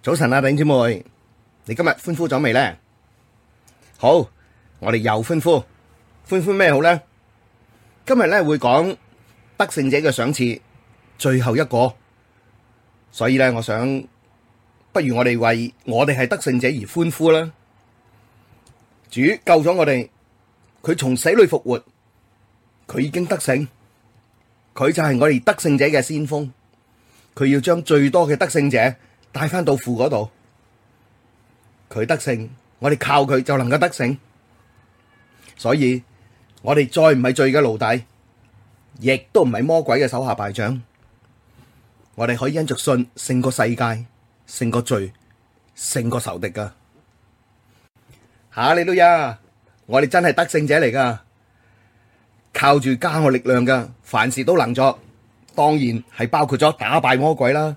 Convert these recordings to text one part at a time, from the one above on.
早晨啊，弟兄姐妹，你今日歡呼咗未咧？好，我哋又歡呼，歡呼咩好咧？今日咧會講得勝者嘅賞賜最後一個，所以咧，我想不如我哋為我哋係得勝者而歡呼啦。主救咗我哋，佢從死裏復活，佢已經得勝，佢就係我哋得勝者嘅先鋒，佢要將最多嘅得勝者。帶翻到父嗰度，佢得勝，我哋靠佢就能夠得勝。所以我哋再唔係罪嘅奴隸，亦都唔係魔鬼嘅手下敗將。我哋可以因着信勝過世界，勝過罪，勝過仇敵噶。吓你都呀，我哋真係得勝者嚟噶，靠住加我力量噶，凡事都能作，當然係包括咗打敗魔鬼啦。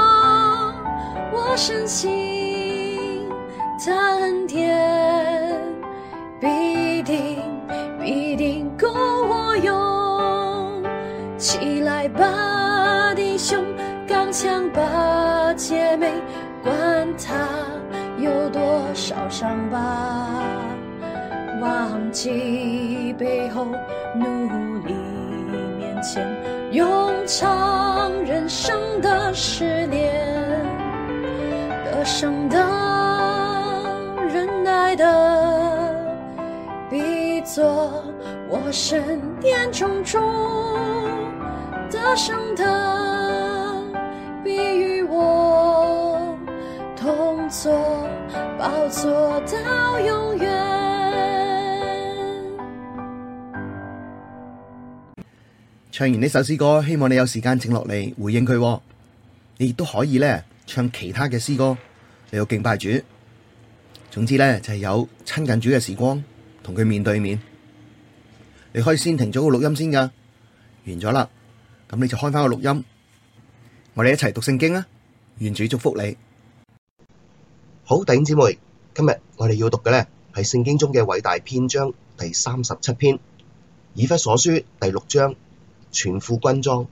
我深信，祂恩典必定必定夠我用。起來吧，弟兄，剛強吧，姐妹，管他有多少傷疤，忘記背後，努力面前，勇闖人生的試煉。唱完呢首詩歌，希望你有時間靜落嚟回應佢，哦。你亦都可以咧唱其他嘅詩歌。你要敬拜主，總之咧就係有親近主嘅時光，同佢面對面。你可以先停咗個錄音先噶，完咗啦，咁你就開翻個錄音，我哋一齊讀聖經啊！願主祝福你。好，弟兄姊妹，今日我哋要讀嘅咧係聖經中嘅偉大篇章第三十七篇《以弗所書》第六章全副軍裝。《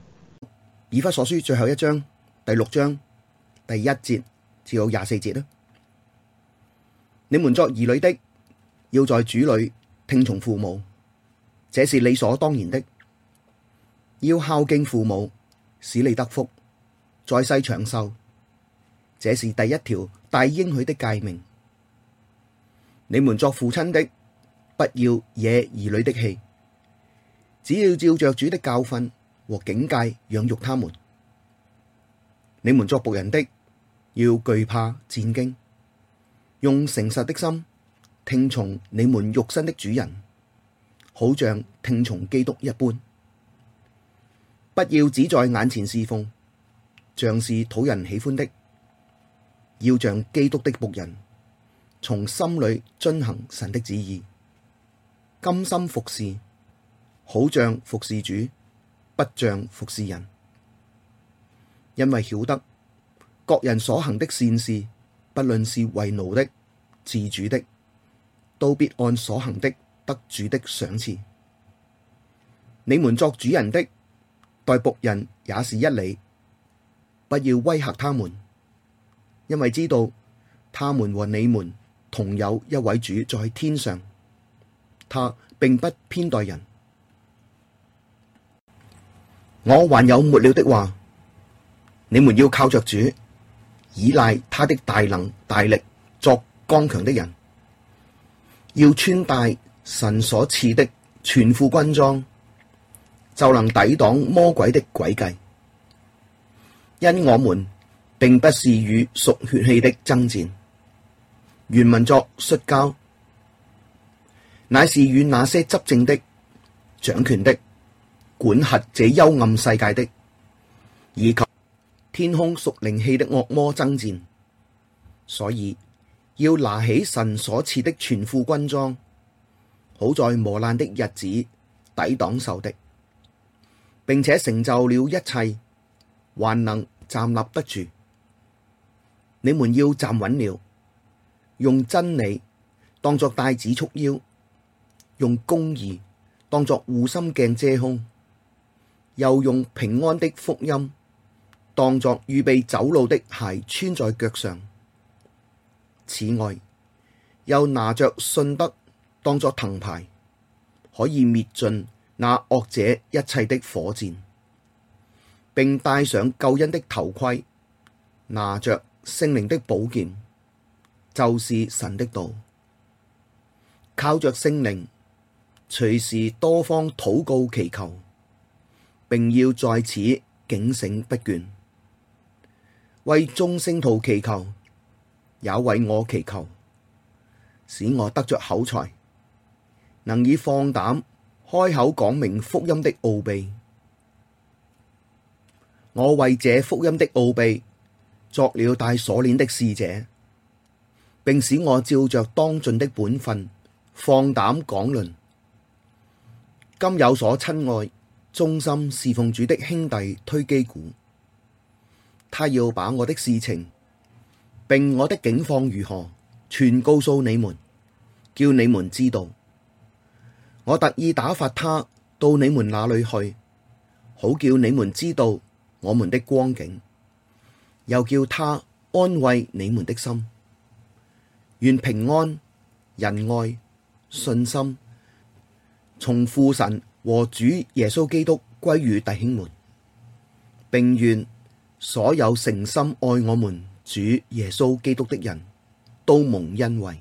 以弗所書》最後一章第六章第一節。只有廿四節啦。你們作兒女的，要在主裡聽從父母，這是理所當然的。要孝敬父母，使你得福，在世長壽。這是第一條帶應許的誡命。你們作父親的，不要惹兒女的氣，只要照着主的教訓和警戒養育他們。你們作僕人的。要懼怕戰兢，用誠實的心聽從你們肉身的主人，好像聽從基督一般。不要只在眼前事奉，像是討人喜歡的，要像基督的僕人，從心裡遵行神的旨意，甘心服事，好像服事主，不像服事人，因為曉得。各人所行的善事，不論是為奴的、自主的，都必按所行的得主的賞賜。你們作主人的，待僕人也是一理，不要威嚇他們，因為知道他們和你們同有一位主在天上，他並不偏待人。我還有末了的話，你們要靠着主。倚賴他的大能大力，作剛強的人，要穿戴神所賜的全副軍裝，就能抵擋魔鬼的詭計。因我們並不是與屬血氣的爭戰，原文作摔跤，乃是與那些執政的、掌權的、管轄這幽暗世界的以及。天空屬靈氣的惡魔爭戰，所以要拿起神所賜的全副軍裝，好在磨難的日子抵擋仇敵，並且成就了一切，還能站立得住。你們要站穩了，用真理當作帶子束腰，用公義當作護心鏡遮胸，又用平安的福音。當作預備走路的鞋穿在腳上，此外，又拿着信德當作藤牌，可以滅盡那惡者一切的火箭，並戴上救恩的頭盔，拿着聖靈的寶劍，就是神的道，靠着聖靈隨時多方禱告祈求，並要在此警醒不倦。為眾聖徒祈求，也為我祈求，使我得着口才，能以放膽開口講明福音的奧祕。我為這福音的奧祕作了帶鎖鏈的使者，並使我照着當盡的本分放膽講論。今有所親愛、忠心事奉主的兄弟推基古。他要把我的事情，並我的景況如何，全告訴你們，叫你們知道。我特意打發他到你們那裡去，好叫你們知道我們的光景，又叫他安慰你們的心。願平安、仁愛、信心，從父神和主耶穌基督歸與弟兄們，並願。所有誠心愛我們主耶穌基督的人都蒙恩惠。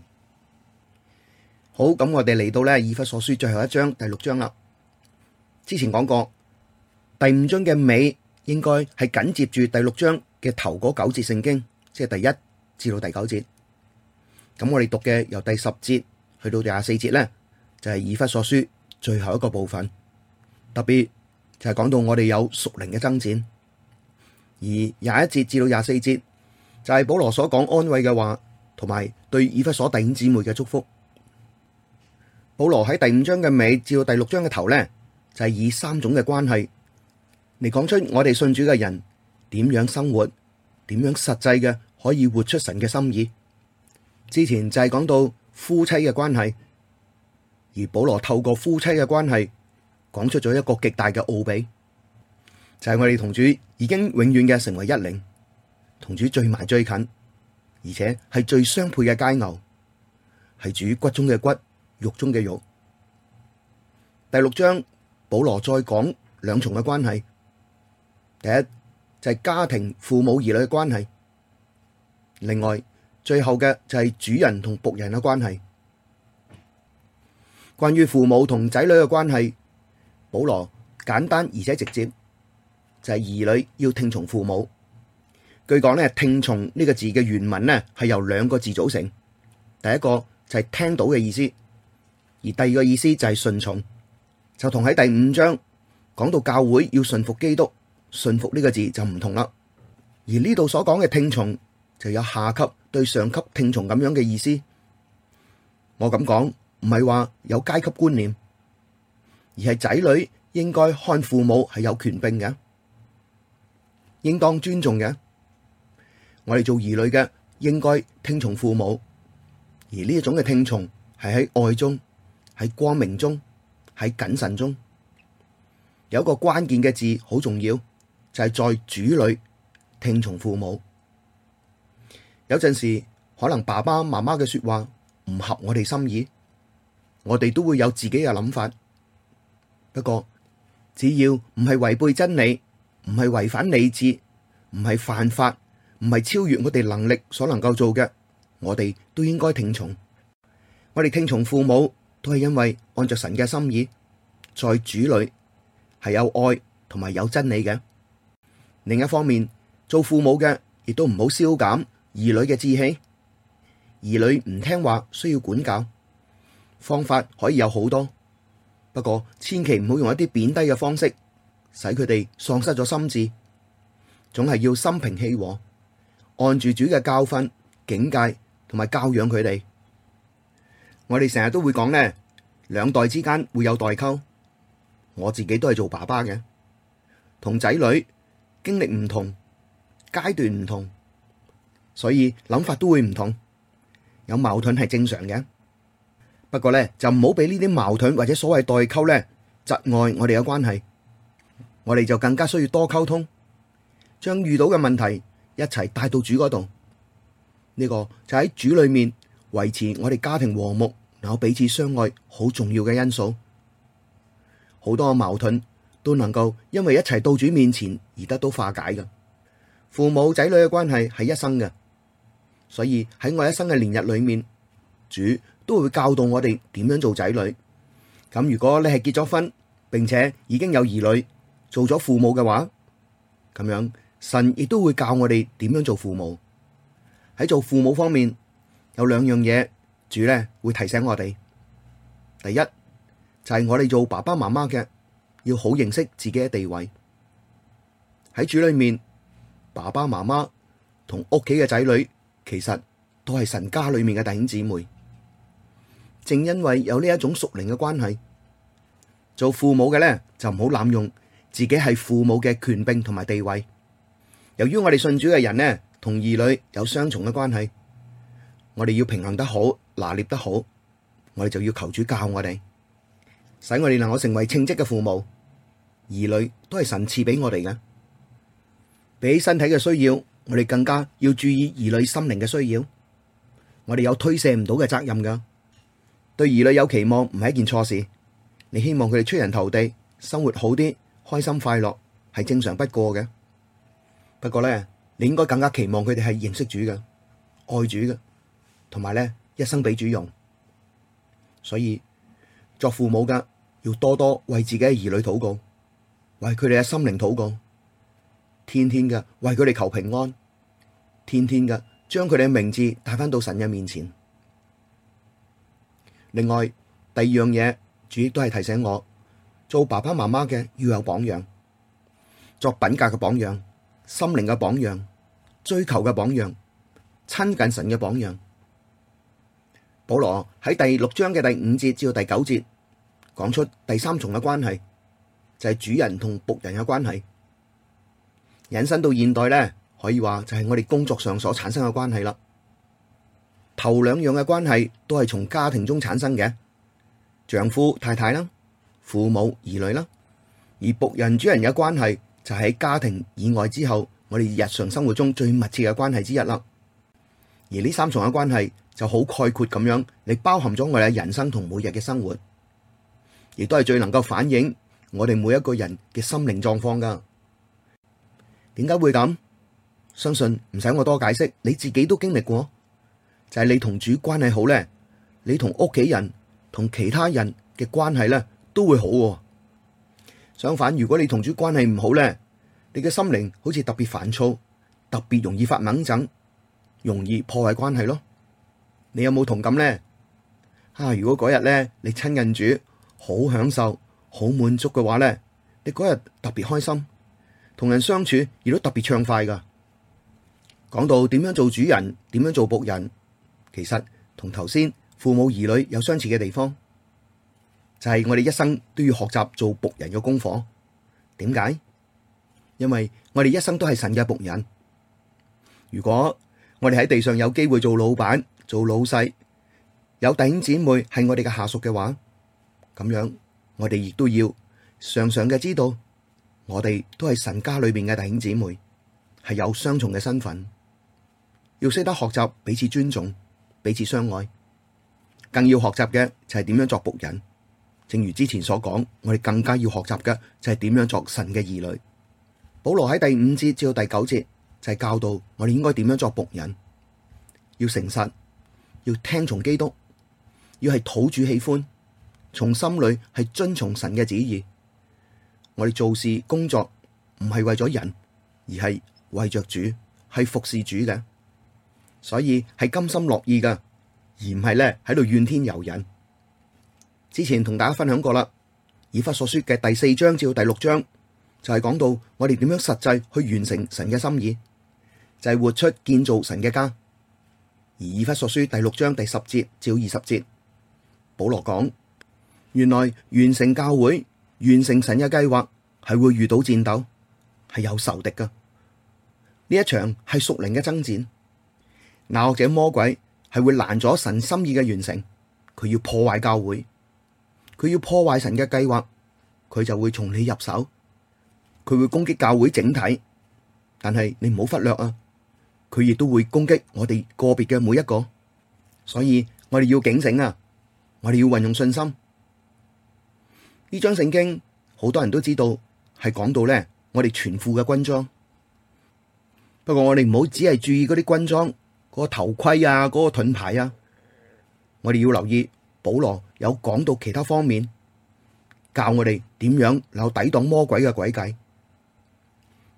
好，咁我哋嚟到咧，以弗所書最後一章第六章啦。之前講過，第五章嘅尾應該係緊接住第六章嘅頭嗰九節聖經，即係第一至到第九節。咁我哋讀嘅由第十節去到廿四節咧，就係以弗所書最後一個部分，特別就係講到我哋有屬靈嘅增展。而廿一節至到廿四節就係保羅所講安慰嘅話，同埋對以弗所弟兄姊妹嘅祝福。保羅喺第五章嘅尾至到第六章嘅頭咧，就係以三種嘅關係嚟講出我哋信主嘅人點樣生活，點樣實際嘅可以活出神嘅心意。之前就係講到夫妻嘅關係，而保羅透過夫妻嘅關係講出咗一個極大嘅奧秘。就係我哋同主已經永遠嘅成為一靈，同主最埋最近，而且係最相配嘅佳偶，係主骨中嘅骨，肉中嘅肉。第六章，保羅再講兩重嘅關係。第一就係家庭父母兒女嘅關係。另外最後嘅就係主人同僕人嘅關係。關於父母同仔女嘅關係，保羅簡單而且直接。就係兒女要聽從父母。據講咧，聽從呢個字嘅原文咧係由兩個字組成，第一個就係聽到嘅意思，而第二個意思就係順從。就同喺第五章講到教會要順服基督，順服呢個字就唔同啦。而呢度所講嘅聽從就有下級對上級聽從咁樣嘅意思。我咁講唔係話有階級觀念，而係仔女應該看父母係有權柄嘅。應當尊重嘅，我哋做兒女嘅應該聽從父母，而呢一種嘅聽從係喺愛中、喺光明中、喺謹慎中，有一個關鍵嘅字好重要，就係在主裏聽從父母。有陣時可能爸爸媽媽嘅說話唔合我哋心意，我哋都會有自己嘅諗法。不過只要唔係違背真理，唔係違反理智，唔係犯法，唔係超越我哋能力所能夠做嘅，我哋都應該聽從。我哋聽從父母，都係因為按着神嘅心意，在主裏係有愛同埋有真理嘅。另一方面，做父母嘅亦都唔好消減兒女嘅志氣。兒女唔聽話，需要管教，方法可以有好多，不過千祈唔好用一啲貶低嘅方式。使佢哋喪失咗心智，總係要心平氣和，按住主嘅教訓、警戒，同埋教養佢哋。我哋成日都會講呢，兩代之間會有代溝。我自己都係做爸爸嘅，同仔女經歷唔同，階段唔同，所以諗法都會唔同，有矛盾係正常嘅。不過呢，就唔好俾呢啲矛盾或者所謂代溝呢，窒礙我哋嘅關係。我哋就更加需要多溝通，將遇到嘅問題一齊帶到主嗰度。呢個就喺主裏面維持我哋家庭和睦，然後彼此相愛，好重要嘅因素。好多矛盾都能夠因為一齊到主面前而得到化解嘅。父母仔女嘅關係係一生嘅，所以喺我一生嘅年日裏面，主都會教導我哋點樣做仔女。咁如果你係結咗婚，並且已經有兒女。做咗父母嘅話，咁樣神亦都會教我哋點樣做父母。喺做父母方面，有兩樣嘢，主咧會提醒我哋。第一就係、是、我哋做爸爸媽媽嘅，要好認識自己嘅地位。喺主裏面，爸爸媽媽同屋企嘅仔女，其實都係神家裏面嘅弟兄姊妹。正因為有呢一種屬靈嘅關係，做父母嘅咧就唔好濫用自己係父母嘅權柄同埋地位。由於我哋信主嘅人呢，同兒女有雙重嘅關係，我哋要平衡得好，拿捏得好，我哋就要求主教我哋，使我哋能夠成為稱職嘅父母。兒女都係神賜俾我哋嘅，比起身體嘅需要，我哋更加要注意兒女心靈嘅需要。我哋有推卸唔到嘅責任噶，對兒女有期望唔係一件錯事。你希望佢哋出人頭地，生活好啲。開心快樂係正常不過嘅，不過咧，你應該更加期望佢哋係認識主嘅，愛主嘅，同埋咧，一生俾主用。所以作父母嘅要多多為自己嘅兒女禱告，為佢哋嘅心靈禱告，天天嘅為佢哋求平安，天天嘅將佢哋嘅名字帶翻到神嘅面前。另外第二樣嘢，主亦都係提醒我。做爸爸媽媽嘅要有榜樣，作品格嘅榜樣、心靈嘅榜樣、追求嘅榜樣、親近神嘅榜樣。保羅喺第六章嘅第五節至到第九節，講出第三重嘅關係，就係主人同僕人嘅關係。引申到現代咧，可以話就係我哋工作上所產生嘅關係啦。頭兩樣嘅關係都係從家庭中產生嘅，丈夫太太啦。父母、兒女啦，而僕人、主人嘅關係就係喺家庭以外之後，我哋日常生活中最密切嘅關係之一啦。而呢三重嘅關係就好概括咁樣，你包含咗我哋人生同每日嘅生活，亦都係最能夠反映我哋每一個人嘅心靈狀況噶。點解會咁？相信唔使我多解釋，你自己都經歷過，就係你同主關係好呢，你同屋企人、同其他人嘅關係呢，都會好啊。相反，如果你同主關係唔好呢，你嘅心靈好似特別煩躁，特別容易發蒙憎，容易破壞關係咯。你有冇同感呢？啊，如果嗰日呢，你親近主，好享受，好滿足嘅話呢，你嗰日特別開心，同人相處亦都特別暢快噶。講到點樣做主人，點樣做僕人，其實同頭先父母兒女有相似嘅地方。就係我哋一生都要學習做僕人嘅功課。點解？因為我哋一生都係神嘅僕人。如果我哋喺地上有機會做老闆、做老細，有弟兄姊妹係我哋嘅下屬嘅話，咁樣我哋亦都要常常嘅知道，我哋都係神家裏面嘅弟兄姊妹，係有雙重嘅身份，要識得學習彼此尊重，彼此相愛，更要學習嘅就係點樣作僕人。正如之前所講，我哋更加要學習嘅就係點樣作神嘅兒女。保羅喺第五節至到第九節就係、是、教導我哋應該點樣作僕人，要誠實，要聽從基督，要係討主喜歡，從心裡係遵從神嘅旨意。我哋做事工作唔係為咗人，而係為着主，係服侍主嘅，所以係甘心樂意噶，而唔係咧喺度怨天尤人。之前同大家分享過啦，《以弗所書》嘅第四章至到第六章就係、是、講到我哋點樣實際去完成神嘅心意，就係、是、活出建造神嘅家。而《以弗所書》第六章第十節至到二十節，保羅講：原來完成教會、完成神嘅計劃係會遇到戰鬥，係有仇敵嘅。呢一場係屬靈嘅爭戰，那惡者魔鬼係會攔阻神心意嘅完成，佢要破壞教會。佢要破壞神嘅計劃，佢就會從你入手，佢會攻擊教會整體，但係你唔好忽略啊，佢亦都會攻擊我哋個別嘅每一個，所以我哋要警醒啊，我哋要運用信心。呢章聖經好多人都知道係講到咧，我哋全副嘅軍裝。不過我哋唔好只係注意嗰啲軍裝、個頭盔啊、嗰個盾牌啊，我哋要留意保羅。有講到其他方面，教我哋點樣能抵擋魔鬼嘅詭計。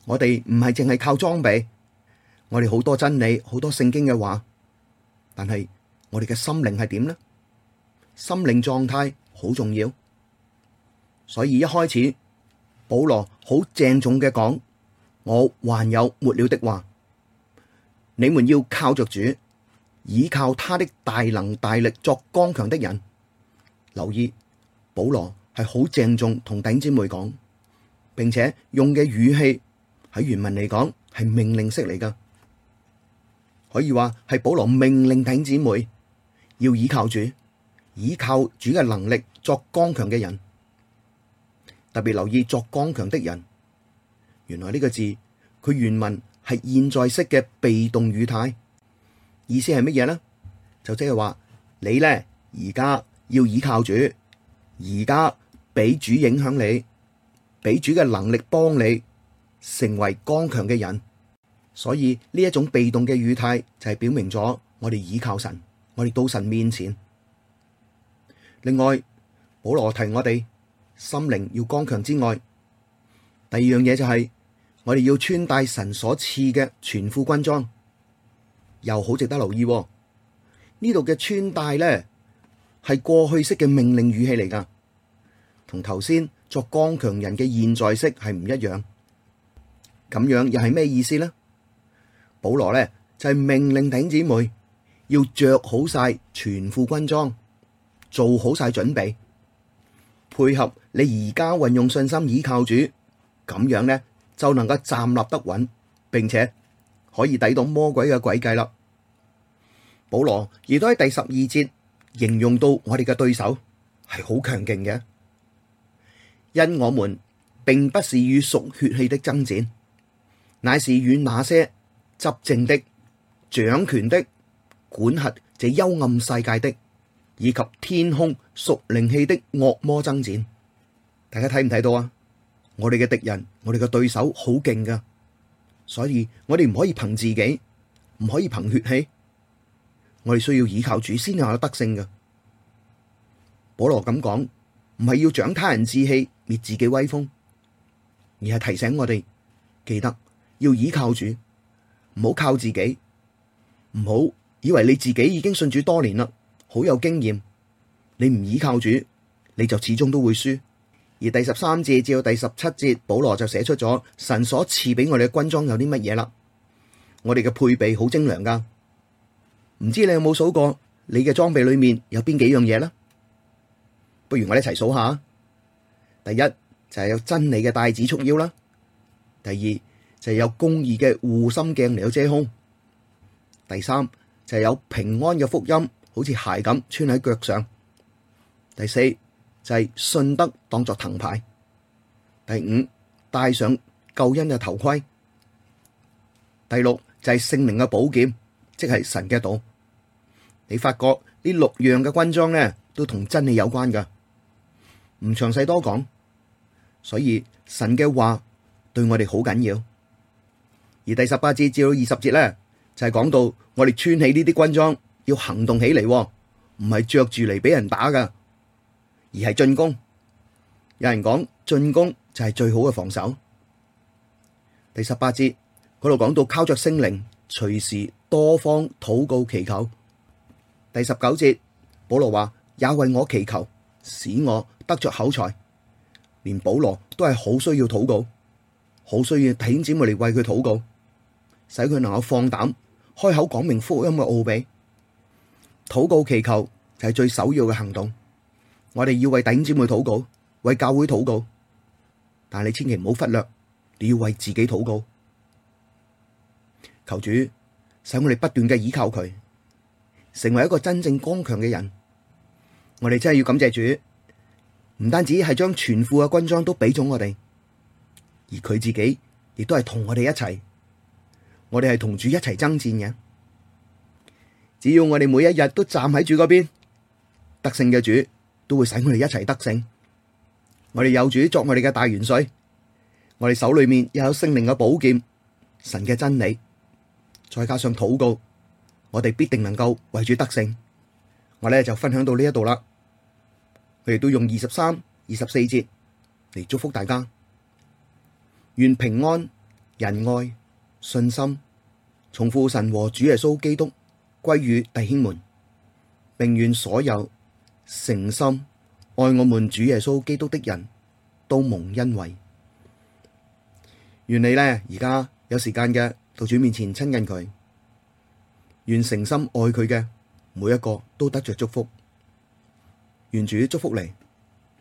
我哋唔係淨係靠裝備，我哋好多真理，好多聖經嘅話，但係我哋嘅心靈係點呢？心靈狀態好重要，所以一開始保羅好鄭重嘅講，我還有末了的話，你們要靠着主，依靠他的大能大力作剛強的人。留意保羅係好鄭重同弟兄姊妹講，並且用嘅語氣喺原文嚟講係命令式嚟㗎，可以話係保羅命令弟兄姊妹要倚靠主，倚靠主嘅能力作剛強嘅人。特別留意作剛強的人，原來呢個字佢原文係現在式嘅被動語態，意思係乜嘢呢？就即係話你呢而家。要倚靠主，而家俾主影響你，俾主嘅能力幫你成為剛強嘅人，所以呢一種被動嘅語態就係表明咗我哋倚靠神，我哋到神面前。另外，保羅提我哋心靈要剛強之外，第二樣嘢就係、是、我哋要穿戴神所賜嘅全副軍裝，又好值得留意。呢度嘅穿戴咧。係過去式嘅命令語氣嚟噶，同頭先作剛強人嘅現在式係唔一樣。咁樣又係咩意思呢？保羅呢，就係、是、命令弟兄姊妹要着好晒全副軍裝，做好晒準備，配合你而家運用信心倚靠主，咁樣呢，就能夠站立得穩，並且可以抵擋魔鬼嘅詭計啦。保羅亦都喺第十二節。形容到我哋嘅對手係好強勁嘅，因我們並不是與屬血氣的爭戰，乃是與那些執政的、掌權的、管轄這幽暗世界的，以及天空屬靈氣的惡魔爭戰。大家睇唔睇到啊？我哋嘅敵人，我哋嘅對手好勁㗎，所以我哋唔可以憑自己，唔可以憑血氣。我哋需要倚靠主先有得勝嘅。保羅咁講，唔係要長他人志氣、滅自己威風，而係提醒我哋記得要倚靠主，唔好靠自己，唔好以為你自己已經信主多年啦，好有經驗，你唔倚靠主，你就始終都會輸。而第十三節至到第十七節，保羅就寫出咗神所賜俾我哋嘅軍裝有啲乜嘢啦。我哋嘅配備好精良噶。唔知你有冇數過你嘅裝備裏面有邊幾樣嘢呢？不如我哋一齊數下。第一就係、是、有真理嘅帶子束腰啦。第二就係、是、有公義嘅護心鏡嚟到遮胸。第三就係、是、有平安嘅福音，好似鞋咁穿喺腳上。第四就係、是、信德當作藤牌。第五戴上救恩嘅頭盔。第六就係聖靈嘅寶劍，即係神嘅道。你發覺呢六樣嘅軍裝呢，都同真理有關噶，唔詳細多講。所以神嘅話對我哋好緊要。而第十八節至到二十節呢，就係講到我哋穿起呢啲軍裝要行動起嚟，唔係着住嚟俾人打噶，而係進攻。有人講進攻就係最好嘅防守。第十八節嗰度講到靠著聖靈，隨時多方禱告祈求。第十九節，保羅話：也為我祈求，使我得着口才。連保羅都係好需要禱告，好需要弟兄姊妹嚟為佢禱告，使佢能夠放膽開口講明福音嘅奧秘。禱告祈求就係最首要嘅行動。我哋要為弟兄姊妹禱告，為教會禱告。但係你千祈唔好忽略，你要為自己禱告。求主使我哋不斷嘅依靠佢。成為一個真正剛強嘅人，我哋真係要感謝主，唔單止係將全副嘅軍裝都俾咗我哋，而佢自己亦都係同我哋一齊，我哋係同主一齊爭戰嘅。只要我哋每一日都站喺主嗰邊，得勝嘅主都會使我哋一齊得勝。我哋有主作我哋嘅大元帥，我哋手裏面又有聖靈嘅寶劍、神嘅真理，再加上禱告。我哋必定能夠為主得勝，我咧就分享到呢一度啦。我哋都用二十三、二十四節嚟祝福大家，願平安、仁愛、信心從父神和主耶穌基督歸與弟兄們，並願所有誠心愛我們主耶穌基督的人都蒙恩惠。願你咧而家有時間嘅到主面前親近佢。願誠心愛佢嘅每一個都得着祝福，願主祝福你。